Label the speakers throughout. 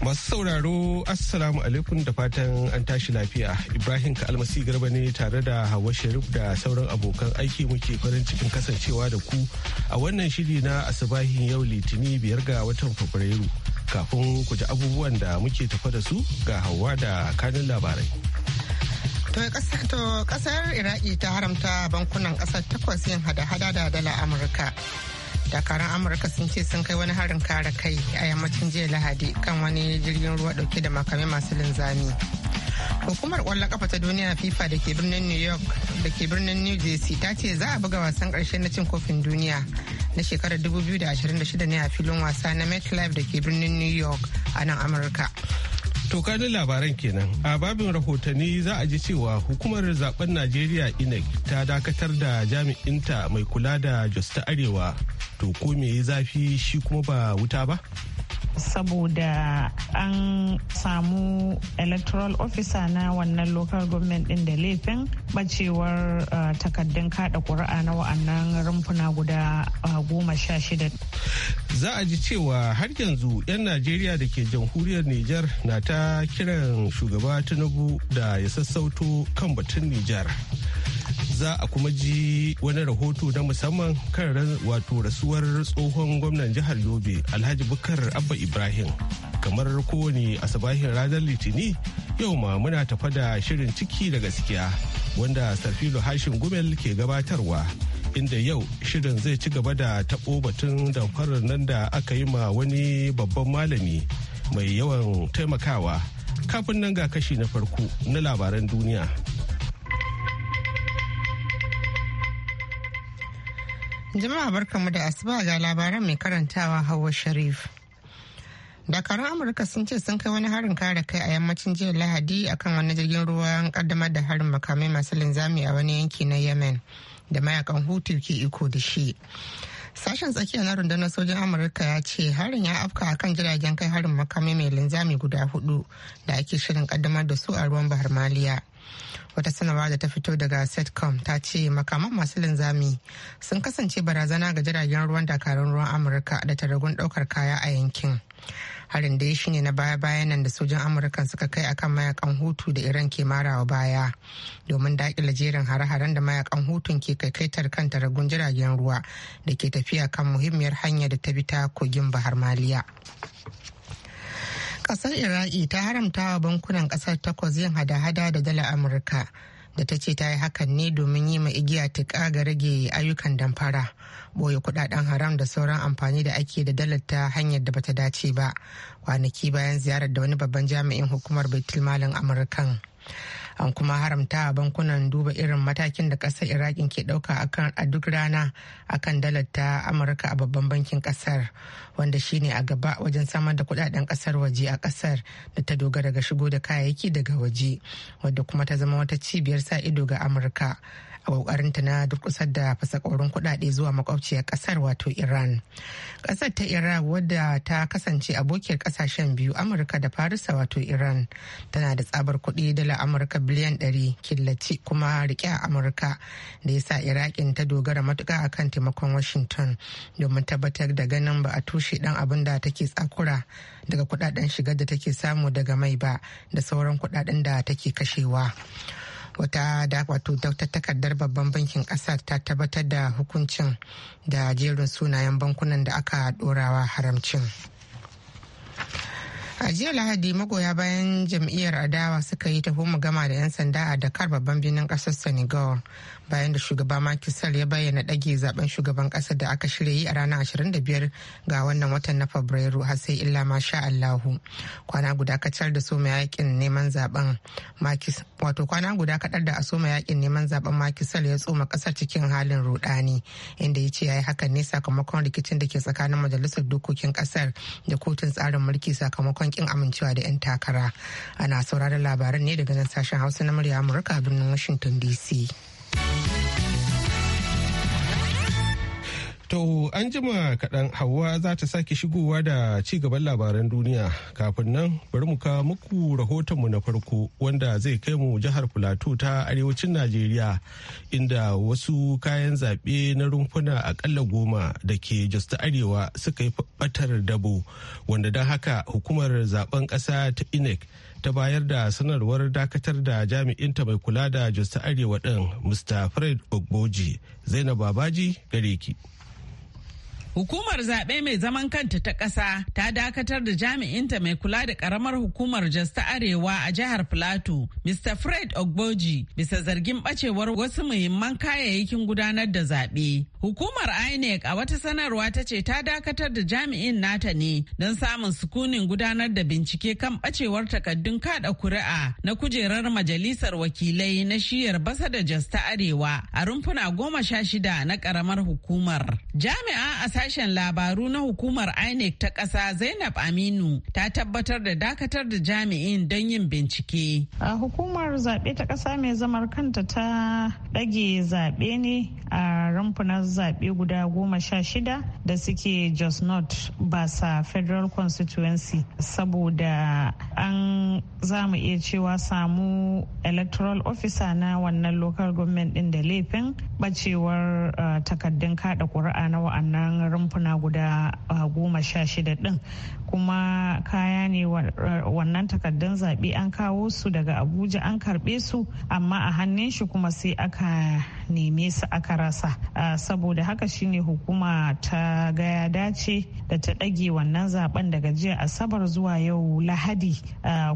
Speaker 1: Masu sauraro Assalamu alaikum da fatan an tashi lafiya. Ibrahim Kalmasi Garba ne tare da hawa Sharif da sauran abokan aiki muke farin cikin kasancewa da ku a wannan shiri na Asibahin yau Litini biyar ga watan Fabrairu. Kafin ku ji abubuwan da muke tafa da su ga hawa da kanin labarai.
Speaker 2: To kasar Iraki ta haramta bankunan kasar takwas yin hada-hada da dala Amurka. dakaran amurka sun ce sun kai wani harin kare kai a yammacin jiya lahadi kan wani jirgin ruwa dauke da makamai masu linzami hukumar kwallon kafa ta duniya fifa da ke birnin new york da ke birnin new jersey ta ce za a buga wasan karshe na cin kofin duniya na shekarar 2026 ne a filin wasa na metlife da ke birnin new york a nan amurka
Speaker 1: tokanin labaran kenan a babin rahotanni za a ji cewa hukumar zaben najeriya inec ta dakatar da jami'inta mai kula da jos ta arewa to ko me ya zafi shi kuma ba wuta ba
Speaker 3: saboda an samu electoral officer na wannan local government din da laifin bacewar uh, takaddun kada kuri'a na wa'annan rumfuna guda uh, goma sha shida.
Speaker 1: za a ji cewa har yanzu 'yan najeriya da ke jamhuriyar niger na ta kiran shugaba tinubu da ya sassauto kan batun niger za a kuma ji wani rahoto na musamman kan wato rasuwar tsohon gwamnan jihar yobe alhaji bukar abba ibrahim kamar kowane asabahin ranar litini yau ma muna tafa da shirin ciki da gaskiya wanda sarfilo hashin gumel ke gabatarwa inda yau shirin zai ci gaba da taɓo batun damfarar nan da aka yi ma wani babban malami mai yawan taimakawa kafin nan ga kashi na farko na labaran duniya
Speaker 2: Jama'a barkanmu da asuba ga labaran mai karantawa hawa Sharif. Dakarun Amurka sun ce sun kai wani harin kare kai a yammacin jiya Lahadi akan wani jirgin ruwan kaddamar da harin makamai masu linzami a wani yanki na Yemen da mayakan Hutu ke iko da shi. Sashen tsakiya na rundunar sojin Amurka ya ce harin ya afka akan jiragen kai harin makamai mai linzami guda hudu da ake shirin kaddamar da su a ruwan Bahar Maliya. wata sanarwa da ta fito daga setcom ta ce makaman masu linzami sun kasance barazana ga jiragen ruwan dakarun ruwan amurka da taragun daukar kaya a yankin harin da ya shine na baya-bayan nan da sojan amurkan suka kai akan mayakan hutu da iran ke marawa baya domin daƙila jerin hare-haren da mayakan hutun ke kaikaitar kan taragun jiragen ruwa da ke tafiya kan muhimmiyar hanya da ta bi ta kogin bahar maliya kasar iraki ta haramta wa bankunan kasar takwas yin hada-hada da dalar amurka da ta ce ta yi hakan ne domin yi ma igiya tuka ga rage ayyukan damfara boye kudaden haram da sauran amfani da ake da dalar ta hanyar da bata dace ba kwanaki bayan ziyarar da wani babban jami'in hukumar baitulmalin amurkan an kuma haramta bankunan duba irin matakin da ƙasar irakin ke ɗauka a duk rana akan dalar ta amurka a babban bankin ƙasar wanda shine a gaba wajen samar da kudaden ƙasar waje a ƙasar da ta dogara ga shigo da kayayyaki daga waje wadda kuma ta zama wata cibiyar sa ido ga amurka kokarinta na durkusar da fasakorin kudade zuwa makwabciyar kasar wato iran kasar ta iraq wadda ta kasance abokiyar kasashen biyu amurka da farisa wato iran tana da tsabar kudi dala amurka biliyan 100 killaci kuma rike a amurka da ya sa irakin ta dogara matuka a kan taimakon washington domin tabbatar da ganin ba a tushe dan abin da take tsakura daga kudaden shigar da take samu daga mai ba da sauran kudaden da take kashewa wata da wato takardar babban bankin kasar ta tabbatar da hukuncin da jerin sunayen bankunan da aka dorawa haramcin a jiya lahadi magoya bayan jam'iyyar adawa suka yi taho gama da 'yan sanda a dakar babban birnin kasar senegal bayan da shugaba Macky Sall ya bayyana ɗage zaben shugaban ƙasar da aka shirya yi a ranar 25 ga wannan watan na Fabrairu har sai illa ma sha Allahu. Kwana guda da soma yakin neman zaben Macky wato kwana guda kaɗar da a soma yakin neman zaben Macky Sall ya tsoma kasar cikin halin rudani inda ya ce ya yi hakan ne sakamakon rikicin da ke tsakanin majalisar dokokin ƙasar da kotun tsarin mulki sakamakon ƙin amincewa da 'yan takara. Ana sauraron labaran ne daga nan sashen Hausa na murya Amurka a birnin Washington DC.
Speaker 1: To an jima kaɗan Hauwa za ta sake shigowa da ci gaban labaran duniya kafin nan bari mu ka muku rahotonmu na farko wanda zai kai mu jihar Filato ta arewacin Najeriya inda wasu kayan zaɓe na rumfuna akalla goma da ke Jos ta Arewa suka yi batar dabo wanda don haka hukumar zaben ƙasa ta INEC ta bayar da sanarwar dakatar da jami'inta mai kula da jos ta arewa ɗan mr fred ogboji zainab babaji gare ki.
Speaker 4: Hukumar zaɓe mai zaman kanta ta ƙasa ta dakatar da jami'inta mai kula da ƙaramar hukumar Jos ta Arewa a jihar Filato, Mr. Fred Ogboji, bisa zargin ɓacewar wasu muhimman kayayyakin gudanar da zaɓe. Hukumar INEC a wata sanarwa ta ce ta dakatar da jami'in nata ne don samun sukunin gudanar da bincike kan ɓacewar takaddun kaɗa kuri'a na kujerar majalisar wakilai na shiyar basa da Jasta Arewa a rumfuna goma sha shida na ƙaramar hukumar. Jami'a a sashen labaru na hukumar INEC ta ƙasa Zainab Aminu ta tabbatar da dakatar da jami'in don yin bincike.
Speaker 3: A hukumar zaɓe ta ƙasa mai zamar kanta ta ɗage zaɓe ne a rumfunan zaɓe guda goma sha shida da suke Jos North Basa Federal Constituency saboda an zamu iya cewa samu electoral officer na wannan local government ɗin da laifin ɓacewar eh, takardun kaɗa ƙuri'a na wa'annan rumfuna guda goma sha shida din kuma kaya ne wannan takardun zaɓe an kawo su daga abuja an karɓe su amma a hannun shi kuma sai aka neme su aka rasa saboda haka shine hukuma ta gaya dace da ta ɗage wannan zaben daga jiya asabar zuwa yau lahadi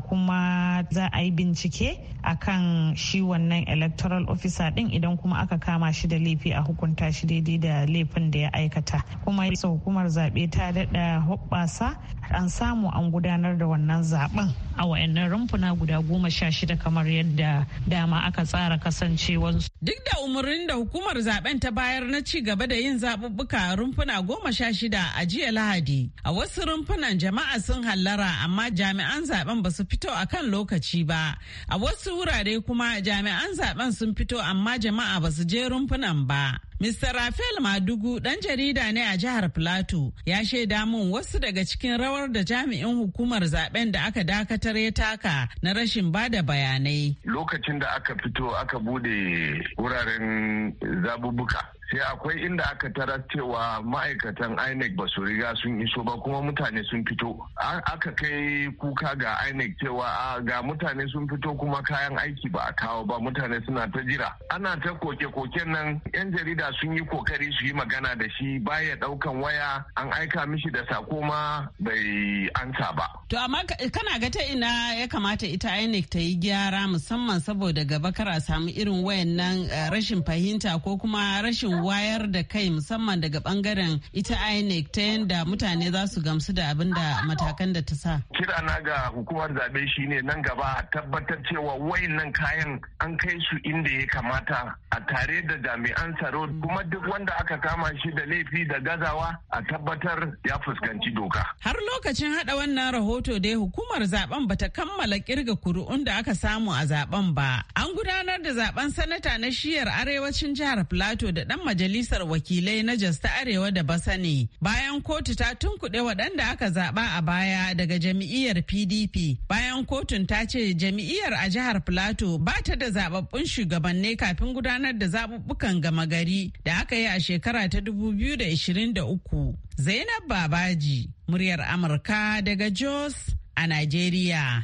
Speaker 3: kuma za a yi bincike kan shi wannan electoral officer din idan kuma aka kama shi da laifi a hukunta shi daidai da laifin da ya aikata kuma isa hukumar zaɓe ta daɗa hoɓɓasa an samu an gudanar da wannan zaɓen a wayannan rumfuna guda goma sha shida kamar yadda dama aka tsara kasancewansu.
Speaker 4: Duk da umarnin da hukumar zaɓen ta bayar na ci gaba da yin zaɓuɓɓuka rumfuna goma sha shida a jiya Lahadi. A wasu rumfunan jama'a sun hallara amma jami'an zaɓen ba su fito a kan lokaci ba. A wasu wurare kuma jami'an zaɓen sun fito amma jama'a ba su je rumfunan ba. Mr. Rafael Madugu dan jarida ne a jihar Plateau ya shaida mun wasu daga cikin rawar da jami'in hukumar zaben da aka dakatar ya taka na rashin bada bayanai.
Speaker 1: Lokacin da aka fito aka bude wuraren zabubuka sai eh, akwai inda aka tarar cewa ma'aikatan inec ba su riga sun iso ba kuma mutane sun fito aka kai kuka ga inec cewa ga mutane sun fito kuma kayan aiki ba a kawo ba mutane suna ta jira ana ta koke-koken nan yan jarida sun yi kokari su yi magana da shi baya daukan waya an aika mishi da sako ma bai ansa ba
Speaker 4: to amma kana ga ta ina ya kamata ita inec ta yi gyara musamman saboda gaba kara samu irin wayannan eh, rashin fahimta ko kuma rashin wayar da kai musamman daga bangaren ita INEC ta yadda mutane za su gamsu da abin da matakan da ta sa.
Speaker 1: Kira na ga hukumar zaɓe shine nan gaba a tabbatar cewa wayannan kayan an kai su inda ya kamata a tare da jami'an tsaro kuma duk wanda aka kama shi da laifi da gazawa a tabbatar ya fuskanci doka.
Speaker 4: Har lokacin hada wannan rahoto dai hukumar zaben bata kammala kirga kuri'un da aka samu a zaben ba. An gudanar da zaben sanata na shiyar arewacin jihar Plateau da dan majalisar wakilai na Jos ta Arewa da ne bayan kotu ta tunkuɗe waɗanda aka zaɓa a baya daga jami'iyyar PDP. Bayan kotun ta ce jami'iyyar a jihar Plateau ba ta da zaɓaɓɓun shugabanni kafin gudanar da zaɓuɓɓukan gama gari da aka yi a shekara ta uku Zainab Babaji, muryar Amurka daga Jos a Najeriya.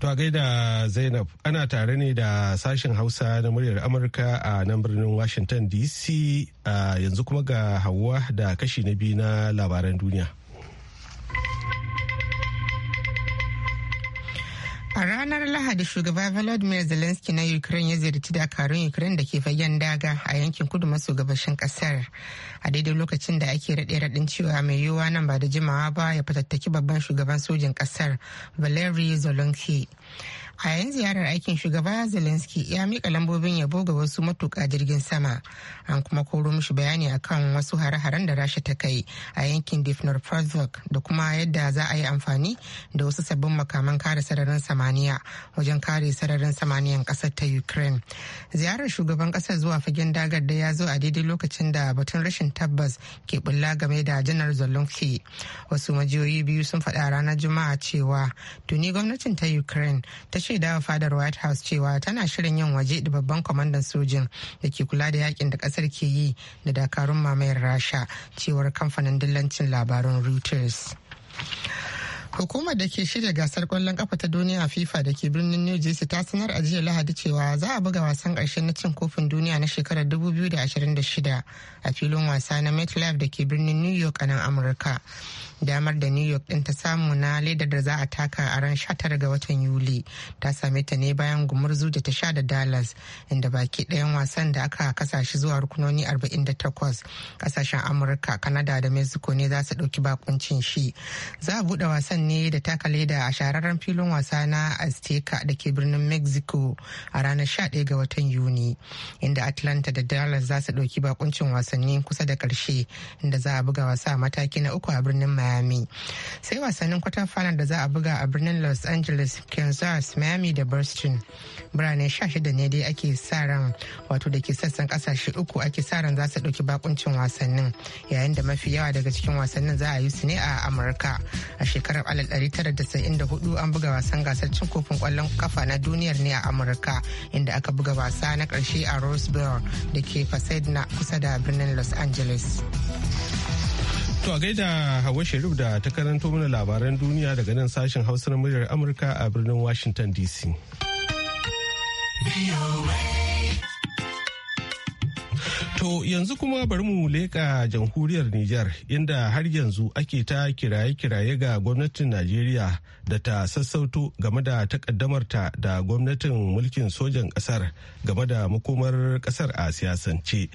Speaker 1: To a gaida Zainab ana tare ne da sashen Hausa na muryar Amurka a nan birnin Washington DC yanzu kuma ga Hauwa da kashi na biyu na labaran duniya.
Speaker 2: A ranar Lahadi shugaba Volodymyr Zelensky na Ukraine ya ziyarci dakarun Ukraine da ke fagen daga a yankin kudu maso gabashin kasar. A daidai lokacin da ake raɗe raɗin cewa mai yiwuwa nan ba da jimawa ba ya fatattaki babban shugaban sojin kasar Valery Zelensky. a yayin ziyarar aikin shugaba zelensky ya mika lambobin yabo ga wasu matuka jirgin sama an kuma koro mishi bayani akan wasu hare-haren da rasha ta kai a yankin difnor da kuma yadda za a yi amfani da wasu sabbin makaman kare sararin samaniya wajen kare sararin samaniyan kasar ta ukraine ziyarar shugaban ƙasar zuwa fagen dagar da ya zo a daidai lokacin da batun rashin tabbas ke bulla game da janar zelensky wasu majiyoyi biyu sun faɗa ranar juma'a cewa tuni gwamnatin ta ukraine ta shaida fadar white house cewa tana shirin yin waje da babban kwamandan sojin da ke kula da yakin da kasar ke yi da dakarun mamayar rasha cewar kamfanin dillancin labarun reuters hukumar da ke shirya gasar kwallon kafa ta duniya fifa da ke birnin new jersey ta sanar a jiya lahadi cewa za a buga wasan karshe na cin kofin duniya na shekarar 2026 a filin wasa na metlife da ke birnin new york a nan amurka damar da new york din ta samu na ledar da za a taka a ran 19 ga watan yuli ta same ta ne bayan gumurzu da ta sha da dallas inda baki dayan wasan da aka kasashe zuwa rukunoni 48 kasashen amurka kanada da mexico ne za su ɗauki bakuncin shi za a bude wasan ne da taka leda a shahararren filin wasa na azteca da ke birnin mexico a ranar 11 ga watan yuni inda atlanta da dallas za su ɗauki bakuncin wasanni kusa da karshe inda za a buga wasa mataki na uku a birnin miami sai wasannin kwatan fana da za a buga a birnin los angeles kansas miami da boston birane 16 ne dai ake sa ran wato da ke sassan kasashe uku ake sa ran za su ɗauki bakuncin wasannin yayin da mafi yawa daga cikin wasannin za a yi su ne a amurka a shekarar 1994 an buga wasan gasar cin kofin kwallon kafa na duniyar ne a amurka inda aka buga wasa na karshe a roseville da ke pasadena kusa da birnin los angeles
Speaker 1: To a gaida Hawa Sharif da ta karanto mana labaran duniya daga nan sashen Hausa na muryar Amurka a birnin Washington DC. To yanzu kuma bari mu leƙa jamhuriyar Nijar inda har yanzu ake ta kiraye-kiraye ga gwamnatin Najeriya da ta sassauto game da takaddamarta da gwamnatin mulkin sojan ƙasar game da makomar ƙasar a siyasance.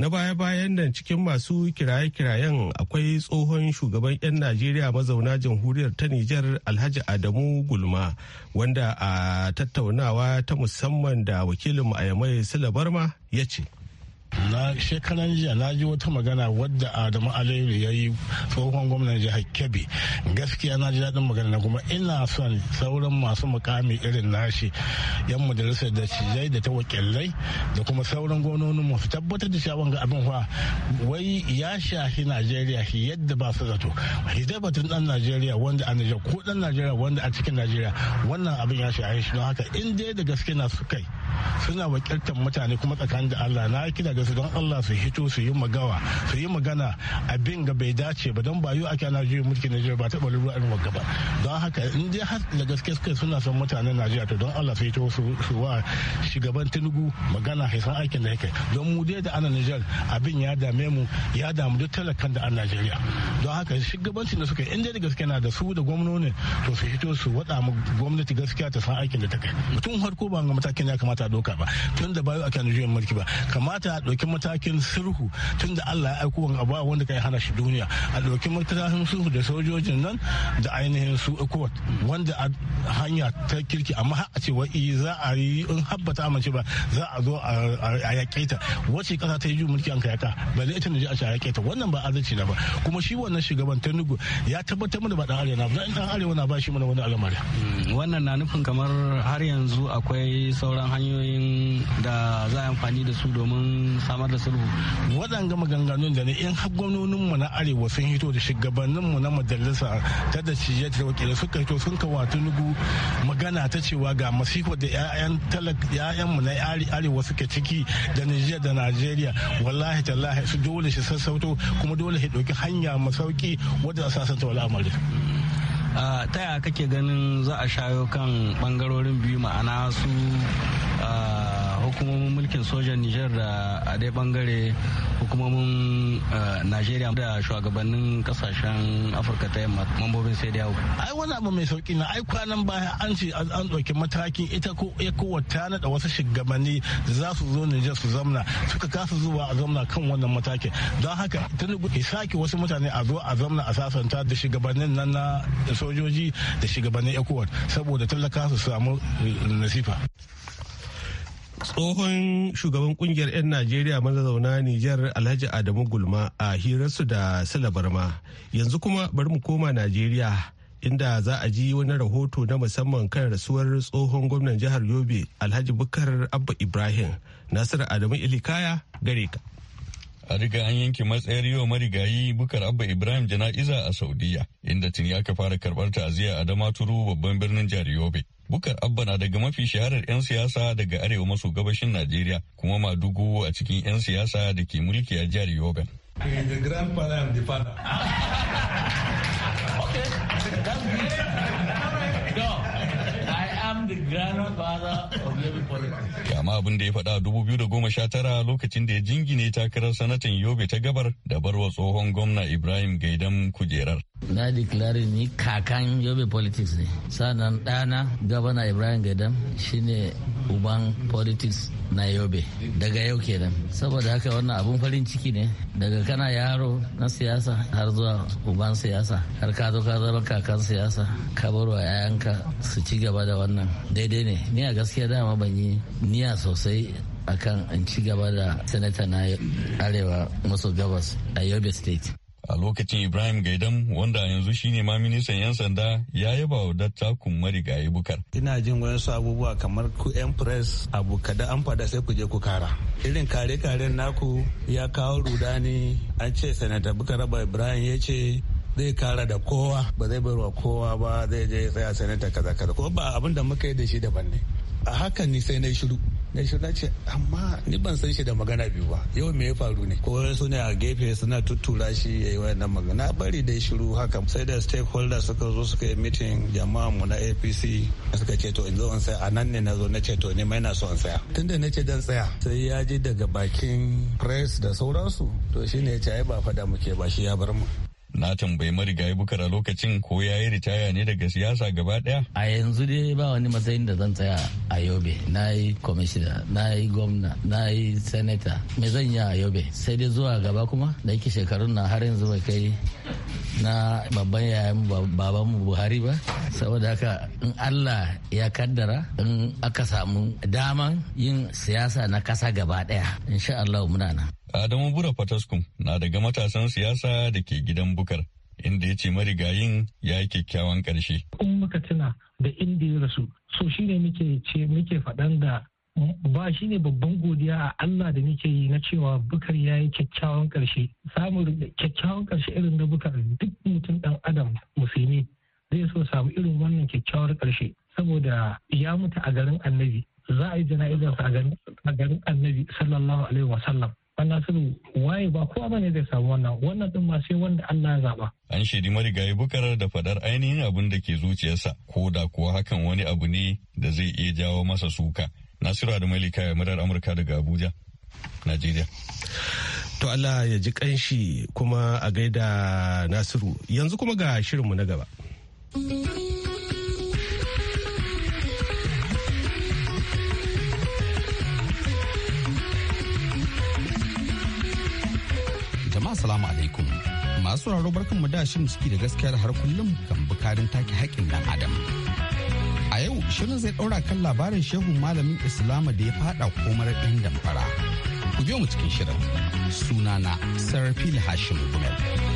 Speaker 1: Na baya-bayan nan cikin masu kiraye-kirayen akwai tsohon shugaban 'yan Najeriya mazauna jamhuriyar ta Nijar Alhaji Adamu Gulma wanda a tattaunawa ta musamman da wakilin Ayamai ya ce. na shekaran jiya na ji wata magana wadda adamu aliyu
Speaker 5: ya yi tsohon gwamnan jihar kebbi gaskiya na ji daɗin magana kuma ina son sauran masu mukami irin nashi yan majalisar da cijai da ta wakilai da kuma sauran gwamnoni mu tabbatar da cewa ga abin fa wai ya shahi najeriya yadda ba su zato hidabatun dan najeriya wanda a nijar ko dan najeriya wanda a cikin najeriya wannan abin ya shahi shi don haka in dai da gaske na su kai suna wakiltar mutane kuma tsakanin da allah na kira da su don Allah su hito su yi magawa su yi magana abin ga bai dace ba don ba yi ake ana mulki mulkin Najeriya ba taɓa lura irin wagga ba don haka in dai har da gaske suka suna son mutanen Najeriya to don Allah su hito su wa shugaban Tinubu magana haisan aikin da yake don mu dai da ana Niger abin ya dame mu ya damu duk talakan da an Najeriya don haka shugabancin da suka in dai da gaske na da su da gwamnonin to su hito su wada mu gwamnati gaskiya ta san aikin da take kai mutum harko ba ga matakin ya kamata a doka ba tun da bayo ake Najeriya mulki ba kamata ɗauki matakin sulhu tun da Allah ya aiko wani abu wanda kai hana shi duniya a ɗauki matakin sulhu da sojojin nan da ainihin su ECOWAS wanda a hanya ta kirki amma a ce wai eh za a yi in habbata amince ba za a zo a yaƙe ta wacce ƙasa ta yi mulki an kai ta ba zai ita ne a ce a yaƙe ta wannan ba adalci na ba kuma shi wannan shugaban Tinubu ya tabbatar mana ba dan arewa na ba dan arewa na ba shi mana wani al'amari hmm, wannan na nufin kamar har yanzu akwai sauran hanyoyin da za a amfani da su domin samar da sulhu waɗanga maganganun da ne in har mu na arewa sun hito da shugabanninmu na majalisa ta da cije ta wakilai suka hito sun kawo tunugu magana ta cewa ga masifo da mu na arewa suke ciki da nijiya da najeriya wallahi tallahi su dole shi sassauto kuma dole shi ɗauki hanya masauki wadda a sasanta wala amarin ta yaya kake ganin za a shayo kan bangarorin biyu ma'ana su hukumomin mulkin sojan Nijar da a dai bangare hukumomin eh, Najeriya da shugabannin kasashen Afirka ta yamma mambobin sai da yawo. Ai wani abu mai sauki na ai kwanan baya an ce an ɗauki matakin ita ko ya wata da wasu shugabanni za su zo Nijar su zamna suka kasa zuwa a zamna kan wannan matakin. Don haka Tinubu ya sake wasu mutane a zo a zamna a sasanta da shugabannin nan na sojoji da shugabannin ECOWAS saboda talaka su samu eh, nasifa.
Speaker 1: Tsohon shugaban kungiyar 'yan Najeriya mazauna Nijar Alhaji Adamu Gulma a hirarsu da silabarma Yanzu kuma bari mu koma Najeriya inda za a ji wani rahoto na musamman kan rasuwar tsohon gwamnan jihar Yobe Alhaji Bukar Abba Ibrahim. Nasiru
Speaker 6: Adamu Ilikaya gare ka. a riga an yanke matsayar yiwa marigayi bukar abba ibrahim jana'iza a saudiya inda tuni aka fara karbar ta'aziyya a damaturu babban birnin jihar yobe Bukar Abba na daga mafi shaharar 'yan siyasa daga arewa maso gabashin Najeriya kuma madugu a cikin 'yan siyasa da ke mulki a jihar Yobe. The grandfather and the father. okay, abin da ya faɗa a tara lokacin da ya jingine takarar sanatan Yobe ta gabar da barwa tsohon gwamna Ibrahim Gaidan kujerar.
Speaker 7: na declare ni kakan yobe politics ne sannan dana gabana ibrahim gadam shine uban politics na yobe daga yau kenan saboda haka wannan abun farin ciki ne daga kana yaro na siyasa har zuwa uban siyasa har ka zo ka zama kakan siyasa ka bar wa yayanka su ci gaba da wannan daidai ne ni a gaskiya dama ban yi niyya sosai akan in ci gaba da sanata na arewa maso gabas a yobe state
Speaker 6: a lokacin ibrahim gaidam wanda yanzu shine ma ministan yan sanda ya yaba wa dattakun marigayi bukar ina jin wani abubuwa kamar ku yan press abu kada an fada sai ku je ku kara
Speaker 5: irin kare karen naku ya kawo rudani an ce sanata bukar ba ibrahim ya ce zai kara da kowa ba zai barwa kowa ba zai je tsaya sanata kaza kaza ko ba abin da muka yi da shi daban ne a hakan ni sai na shiru na shi ce amma ni ban san shi da magana biyu ba yau me ya faru ne ko suna a gefe suna tuttura shi yayi wannan magana bari dai shiru haka sai da stakeholders suka zo suka yi meeting jama'a mu na APC suka ce to in zo in a nan ne na zo na ce to ne mai na so in saya
Speaker 8: tunda na ce dan tsaya
Speaker 5: sai ya ji daga bakin press da sauransu to shine ya ce ai ba fada muke ba shi ya bar mu
Speaker 6: Na tambayi marigayi bukara lokacin ko ya yi ritaya ne daga siyasa gaba daya? A yanzu
Speaker 7: dai ba wani matsayin da zan tsaya a Yobe. Na yi komishina na yi gwamna, na yi senator. Me zan yi a Yobe? Sai dai zuwa gaba kuma da yake shekarun na har yanzu bai kai na babban yayan babanmu Buhari ba. Saboda haka in Allah ya kaddara in aka samu daman yin siyasa na kasa gaba daya. Insha Allah muna nan.
Speaker 6: Adamu Bura Fataskum na daga matasan siyasa da ke gidan bukar inda ya ce marigayin ya yi kyakkyawan ƙarshe.
Speaker 9: In muka tuna da inda ya rasu, so shi ne muke ce muke faɗan da ba shi ne babban godiya a Allah da muke yi na cewa bukar ya yi kyakkyawan ƙarshe. Samun kyakkyawan ƙarshe irin na bukar duk mutum ɗan adam musulmi zai so samu irin wannan kyakkyawar ƙarshe saboda ya mutu a garin annabi za a yi jana'izarsa a garin annabi sallallahu alaihi wa sallam. nasiru waye ba kowa bane zai samu wannan wannan din ma sai wanda Allah ya zaba
Speaker 6: an shaidi marigayi bukar da fadar ainihin abin da ke zuciyarsa ko da kuwa hakan wani abu ne da zai iya jawo masa suka nasiru da malika ya murar amurka daga abuja najeriya
Speaker 1: to Allah ya ji kanshi kuma a gaida nasiru yanzu kuma ga shirinmu na gaba
Speaker 8: jama'a alaikum masu sauraro barkan mu da shirin ciki da gaskiya har kullum kan bukarin take haƙƙin dan adam a yau shirin zai ɗaura kan labarin shehu malamin islama da ya faɗa komar ɗin damfara ku biyo mu cikin shirin sunana sarfil hashim gumel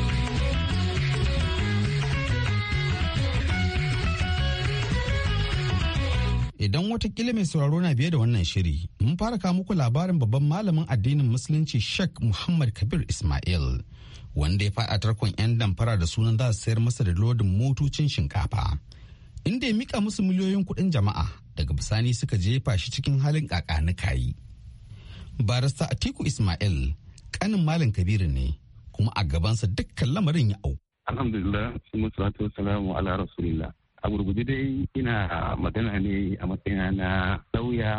Speaker 8: Idan watakila mai sauraro na biye da wannan shiri, mun fara kawo muku labarin babban malamin addinin Musulunci Sheikh Muhammad Kabir Ismail, wanda ya faɗa tarkon 'yan damfara da sunan za su sayar masa da lodin motocin shinkafa. Inda ya mika musu miliyoyin kuɗin jama'a daga bisani suka jefa shi cikin halin kakanikayi. Barista Atiku Ismail, kanin Malam Kabiru ne, kuma a gabansa dukkan lamarin ya au.
Speaker 9: Alhamdulillah, salatu wasalamu ala rasulillah. a gurgudu dai ina magana ne a matsayina na sauya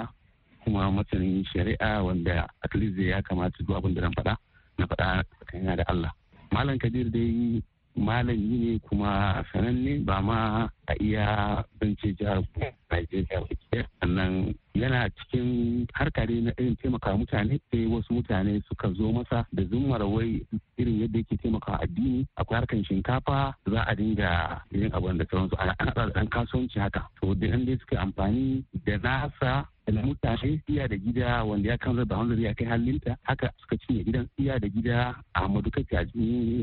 Speaker 9: kuma masanin shari'a wanda at least ya kamata duk abin da na faɗa na faɗa tsakanin da Allah malam kabir dai malami ne kuma sananne ba ma a iya zance jihar Najeriya ba. Sannan yana cikin harka ne na irin taimaka mutane sai wasu mutane suka zo masa da zummar wai irin yadda yake taimaka addini akwai harkan shinkafa za a dinga yin abin da sauransu ana dan kasuwanci haka. To da dai suka amfani da nasa mutane iya da gida wanda ya kan da hanzari ya kai halinta haka suka cinye gidan iya da gida a madukaki a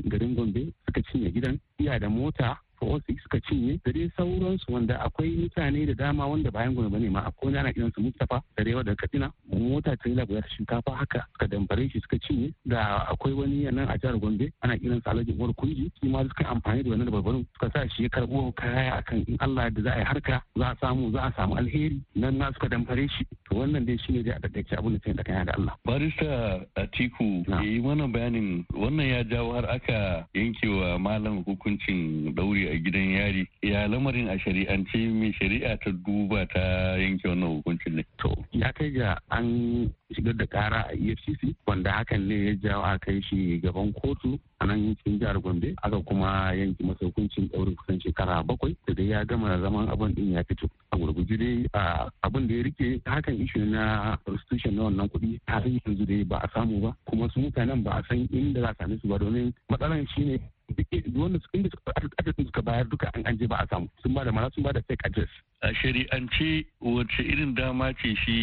Speaker 9: garin gombe suka cinye gidan iya da mota wasu suka cinye da dai sauransu wanda akwai mutane da dama wanda bayan gwamnati ne ma akwai wani ana kiransu Mustapha Sarewa da Katsina mota trailer guda ta shinkafa haka suka dambare shi suka cinye da akwai wani a nan a jihar Gombe ana kiransa Alhaji Umar Kunji shi ma suka amfani da wannan dabarbaru. suka sa shi ya karbo kaya akan in Allah da za a yi harka za a samu za a samu alheri nan na suka dambare shi to wannan dai shine dai a daddace abin da sai da kanya da Allah
Speaker 10: barista Atiku yi mana bayanin wannan ya jawo har aka yankewa malam hukuncin dauri a gidan yari ya lamarin a shari'ance mai shari'a ta duba ta yanke wannan hukuncin ne to ya kai ga an shigar da kara
Speaker 9: a efcc wanda hakan ne ya jawo a kai shi gaban kotu a nan cikin jihar gombe aka kuma yanke masa hukuncin ɗaurin kusan shekara bakwai da dai ya gama zaman abin din ya fito a gurguje dai abin da ya rike hakan ishu na restitution na wannan kuɗi har yanzu dai ba a samu ba kuma su mutanen ba a san inda za a same su ba domin matsalan shine wanda inda adadin suka bayar duka an an ba a samu sun ba mana sun ba da fake address
Speaker 11: a
Speaker 10: shari'ance wacce irin dama ce shi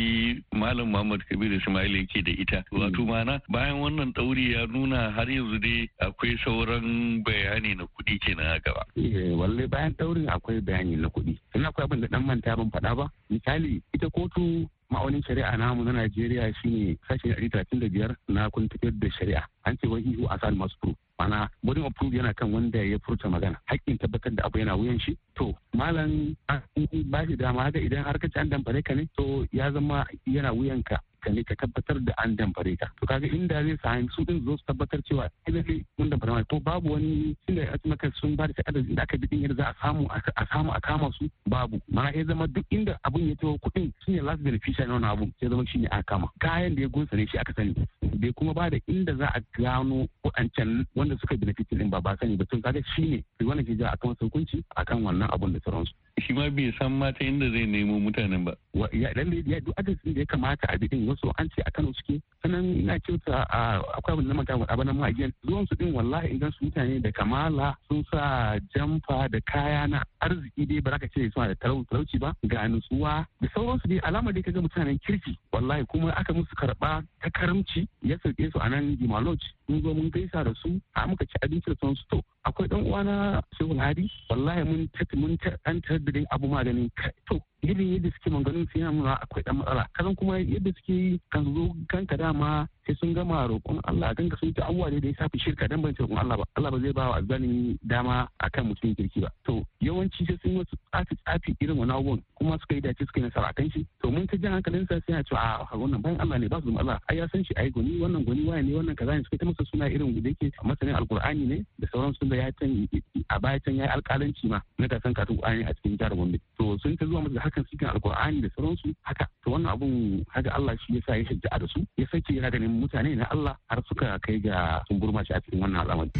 Speaker 10: malam Muhammad Kabir Ismail yake da ita wato mana bayan wannan dauri ya nuna har yanzu dai akwai sauran bayani na kuɗi kenan a gaba eh, walle
Speaker 9: bayan daurin akwai bayani na kuɗi sannan akwai abin da dan manta ban faɗa ba misali ita kotu ma'aunin shari'a namu na Najeriya shine da 135 na kun da shari'a an ce wani ihu asan masu Mana wani of yana kan wanda ya furta magana. Hakkin tabbatar da abu yana wuyan shi. To malam an ba shi dama haka idan har ka ci an damfane ka ne to ya zama yana wuyan ka kalle ka tabbatar da an damfare ka to kaga inda zai sa su din zo su tabbatar cewa eh lalle mun damfare mai to babu wani inda ya maka sun ba da takardar da aka bi din yadda za a samu a samu a kama su babu mana ya zama duk inda abun ya tawo kuɗin shine last beneficial na wani abu ya zama shine a kama kayan da ya gunsa ne shi aka sani bai kuma ba da inda za a gano waɗancan wanda suka benefit din ba ba sani ba tun kaga shine wannan ke ja akan hukunci akan wannan abun da sauransu
Speaker 10: shi ma bai san mata inda zai nemo mutanen ba.
Speaker 9: ya lalle ya duk adresin da ya kamata a bikin wasu an ce a Kano suke sanan ina kyauta a akwai abin da maka a bana mu zuwan su din wallahi idan su mutane da kamala sun sa jamfa da kaya na arziki dai ba za ka ce suna da talauci ba ga nutsuwa da sauransu dai alama dai ka ga mutanen kirki wallahi kuma aka musu karɓa ta karamci ya sauke su a nan Gimaloch mun zo mun gaisa da su a muka ci abinci da sun to akwai dan uwana Shehu Hadi wallahi mun tafi mun an tarar da abu maganin kai to irin yadda suke maganin su yana nuna akwai dan matsala kazan kuma yadda suke kan zo kanka dama sai sun gama roƙon Allah a ganga sun ta abubuwa da ya safi shirka dan ban roƙon Allah ba Allah ba zai ba wa azzalimi dama akan mutum kirki ba to yawanci sai sun wasu tsafi tsafi irin wani abubuwan kuma suka yi dace suka yi nasara kan shi to mun ta jan hankalin sa sai a ce a wannan bayan Allah ne ba su Allah ai ya san shi ai goni wannan goni waye ne wannan kaza ne suka ta masa suna irin da yake masanin alkur'ani ne da sauran sun da ya can a baya can ya alƙalanci ma na san katun ƙwani a cikin jihar Gombe to sun ta zuwa masa da hakan cikin alkur'ani da sauransu haka to wannan abun haka Allah shi ya sa ya shajja'a da su ya sake yana ganin mutane na Allah har suka kai ga sun shi a cikin wannan al'amari.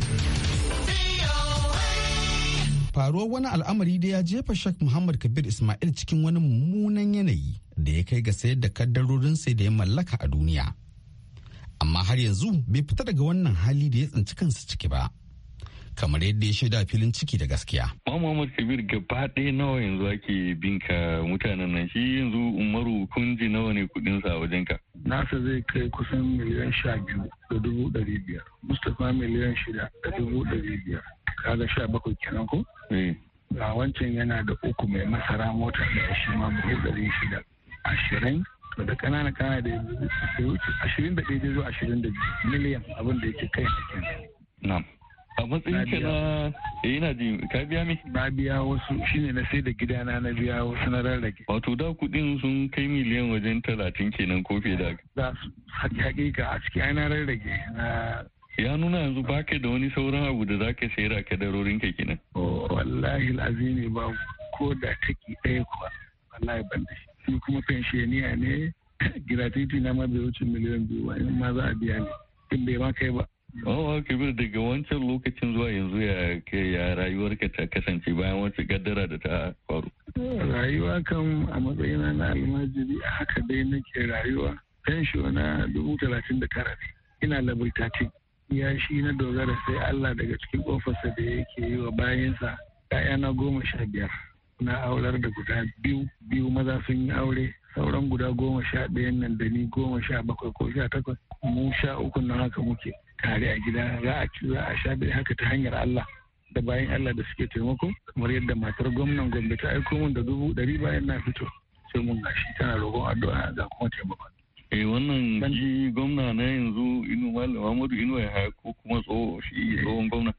Speaker 8: faruwar wani al'amari da ya jefa Sheikh muhammad kabir ismail cikin wani mummunan yanayi da ya kai ga sayar da kaddarorinsa da ya mallaka a duniya amma har yanzu bai fita daga wannan hali da ya tsinci kansa ciki ba kamar yadda ya shaida filin ciki da gaskiya.
Speaker 10: Muhammad Kabir gaba ɗaya nawa yanzu ake binka mutanen nan shi yanzu Umaru kunji nawa ne kuɗin sa wajen ka.
Speaker 11: Nasa zai kai kusan miliyan sha biyu da dubu ɗari biyar. Mustapha miliyan shida da dubu ɗari biyar. Kaga sha bakwai kenan ko? Eh. wancan yana da uku mai masara mota da shi ma buhu ɗari shida. Ashirin da kanana kanana da ashirin da ɗaya zuwa ashirin da biyu miliyan abin da yake kai na kenan. a matsayin ka na eh ina ji ka biya mi na biya wasu shine na sai da gidana na biya wasu na rarrage
Speaker 10: wato da kudin sun kai miliyan wajen talatin kenan ko fiye da
Speaker 11: za su hakika a ciki ana rarrage
Speaker 10: ya nuna yanzu ba ka da wani sauran abu da za ka sayar a kadarorin ka kenan wallahi
Speaker 11: alazimi ba ko da take ɗaya kuwa wallahi ban da shi kuma pensioniya ne titi na ma bai miliyan biyu ba in ma za a biya ni. in bai ma kai ba
Speaker 10: Mama oh, kibir daga wancan lokacin zuwa yanzu ya ke ya rayuwarka ta kasance bayan wata gaddara da ta faru.
Speaker 11: Rayuwa kan a matsayina na almajiri a haka dai nake rayuwa. Fensho na dubu talatin da tara ne. Ina labar thirteen. Ya shi na dogara sai Allah daga cikin ofarsa da yake yi wa bayansa. ‘Ya'yana goma sha biyar. Na aurar da guda biyu, biyu maza sun yi aure, sauran guda goma sha ɗayan nan da ni goma sha bakwai ko sha takwas. Mu sha uku na haka muke. tare a gida za a ci za a sha bai haka ta hanyar Allah da bayan Allah da suke taimako kamar yadda matar gwamnan Gombe ta aiko mun da dubu ɗari bayan na fito sai mun gashi tana roƙon addu'a ga kuma taimako. Eh wannan shi gwamna
Speaker 10: na yanzu Inu Malam Muhammadu Inu ya haya ko kuma tsoho shi eh. tsohon gwamna.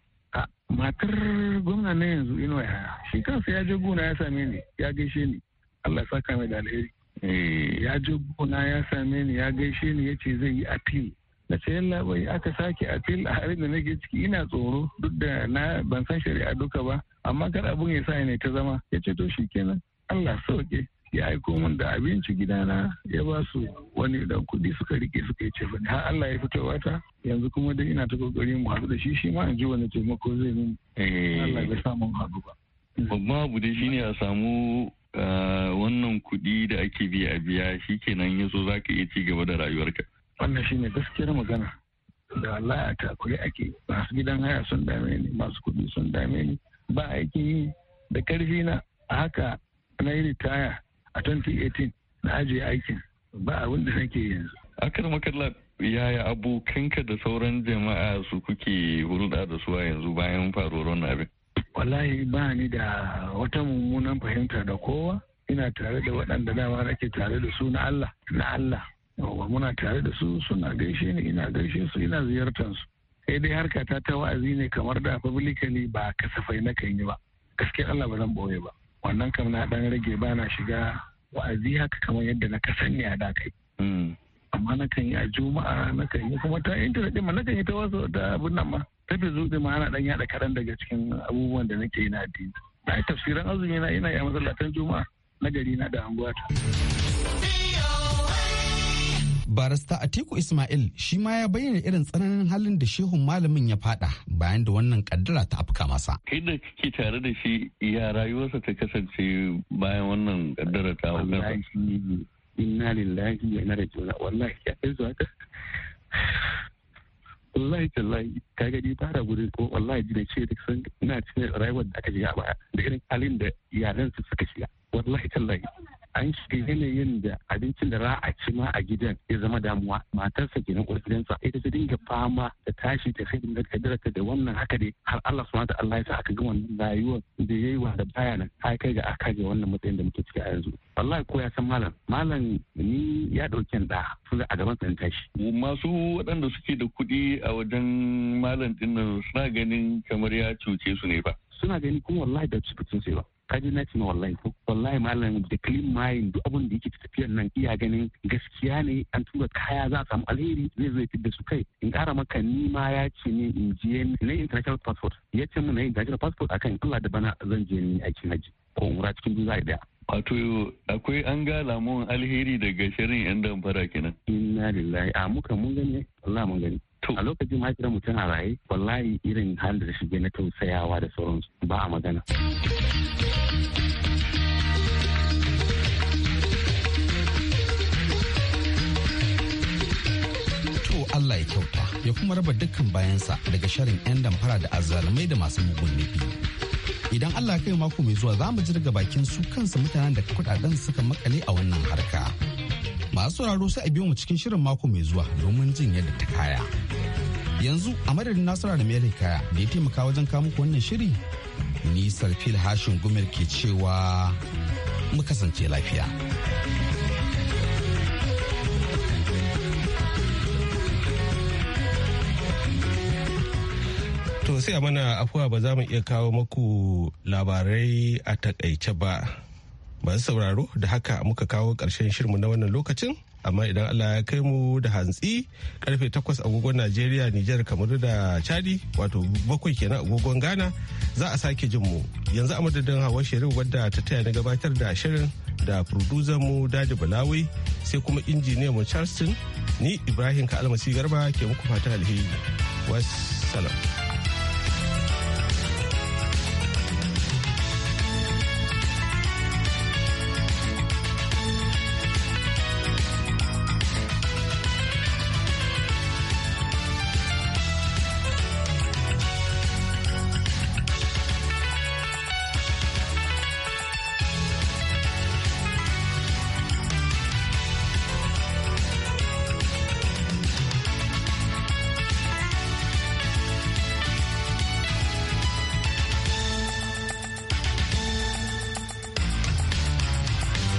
Speaker 11: matar gwamna na yanzu Inu ya haya shi kansa ya je gona ya same ni ya gaishe ni Allah saka mai da alheri. Eh. ya je gona ya same ni ya gaishe ni ya ce zai yi appeal na ce bai aka sake fil a harin da nake ciki ina tsoro duk da na ban san shari'a duka ba amma kar abun ya sa ne ta zama ya ce to shi kenan Allah sauke ya aiko min da abinci gidana ya ba su wani dan kuɗi suka rike suka yi cefa har Allah ya fito wata yanzu kuma dai ina ta kokari mu haɗu da shi shi ma in ji wani taimako zai min
Speaker 10: eh. Allah ya
Speaker 11: samu haɗu ba
Speaker 10: babban abu dai shine a samu ah, wannan kuɗi da ake biya a biya shikenan yazo zaka iya ci gaba da rayuwarka
Speaker 11: wannan shine gaskiyar magana da Allah ya kure ake masu gidan haya sun dame ni masu kuɗi sun dame ni ba aikin yi da ƙarfi na haka na yi ritaya a 2018 na ajiye aikin ba abin da nake yanzu. Akar makalla
Speaker 10: yaya abokanka da sauran jama'a su kuke hulɗa da su a yanzu bayan faruwar wannan abin?
Speaker 11: Wallahi ba ni da wata mummunan fahimta da kowa ina tare da waɗanda dama nake tare da su na Allah na Allah Wa muna tare da su suna gaishe ni ina gaishe su ina ziyartar su sai dai harka ta ta wa'azi ne kamar da publicly ba kasafai na kan yi ba gaskiya Allah ba zan boye ba wannan kam na dan rage ba na shiga wa'azi haka kamar yadda na kasani a da kai hmm. amma na kan yi a juma'a na kan yi kuma ta intanet din ma na kan yi ta wasu da abun nan ma ta fi zuɗe ma ana dan yada kaɗan daga cikin abubuwan da nake yi na addini na tafsirin azumi na ina yi a masallatan juma'a na gari na da ta.
Speaker 8: barista atiku ismail shi ma ya bayyana irin tsananin halin da shehun malamin ya fada bayan da wannan kaddara ta afka
Speaker 10: masa kai kike tare da shi ya rayuwarsa ta kasance bayan wannan kaddara ta afka inna lillahi wa inna ilaihi wallahi ya kai zuwa ka
Speaker 9: wallahi tallahi ka ga ni da gurin ko wallahi ji da ce da san ina cikin rayuwar da aka shiga baya da irin halin da iyalansu suka shiga wallahi tallahi an shiga yanayin da abincin da za a ci ma a gidan ya zama damuwa matarsa ke na gidansa ita ta dinga fama da tashi ta da dinga kadarta da wannan haka dai har Allah subhanahu Allah ya sa aka ga wannan rayuwar da yayi da baya nan ta kai ga aka ga wannan matsayin da muke ciki a yanzu
Speaker 10: wallahi ko ya san malam malam ni ya dauki da fuza a gaban tsan tashi masu waɗanda suke da kuɗi a wajen malam nan suna ganin kamar ya cuce su ne ba
Speaker 9: suna gani kuma wallahi da cikin sai ba kaji na wallahi ko wallahi malam da clean mind duk abin da yake tafiyan nan iya ganin gaskiya ne an tura kaya za a samu alheri zai zo da su kai in kara maka ni ma ya ce ne in je na international passport ya ce mun na
Speaker 10: international passport akan kula da bana zan je ni aikin haji ko umra cikin duniya daya Wato akwai an ga lamun alheri daga shirin 'yan damfara kenan. Inna lillahi a muka mun
Speaker 9: gani Allah mun gani. a lokacin kira mutum a raye wallahi irin halin da shige na tausayawa da sauransu ba a magana
Speaker 8: Allah ya kyauta ya kuma raba dukkan bayansa daga sharin 'yan damfara da azzalumai da masu mugun nufi. Idan Allah kai mako mai zuwa za mu ji bakin su kansa mutanen da kudaden suka makale a wannan harka. masu sauraro sai a biyo mu cikin shirin mako mai zuwa domin jin yadda ta kaya yanzu a madadin nasara da mai kaya da ya taimaka wajen kawo muku wannan shiri ni sarfil hashin gumel ke cewa mu kasance
Speaker 1: lafiya sai a mana afuwa ba za mu iya kawo maku labarai a takaice ba masu sauraro da haka muka kawo karshen shirmu na wannan lokacin amma idan allah ya kai mu da hantsi karfe 8 agogon najeriya nijar kamar da chadi wato bakwai kenan agogon ghana za a sake jin mu yanzu a madadin hawa shirin wadda ta taya na gabatar da shirin da producer mu dadi balawi sai kuma injiniyan mu charleston ni ibrahim ka garba ke muku fatan alheri wassalam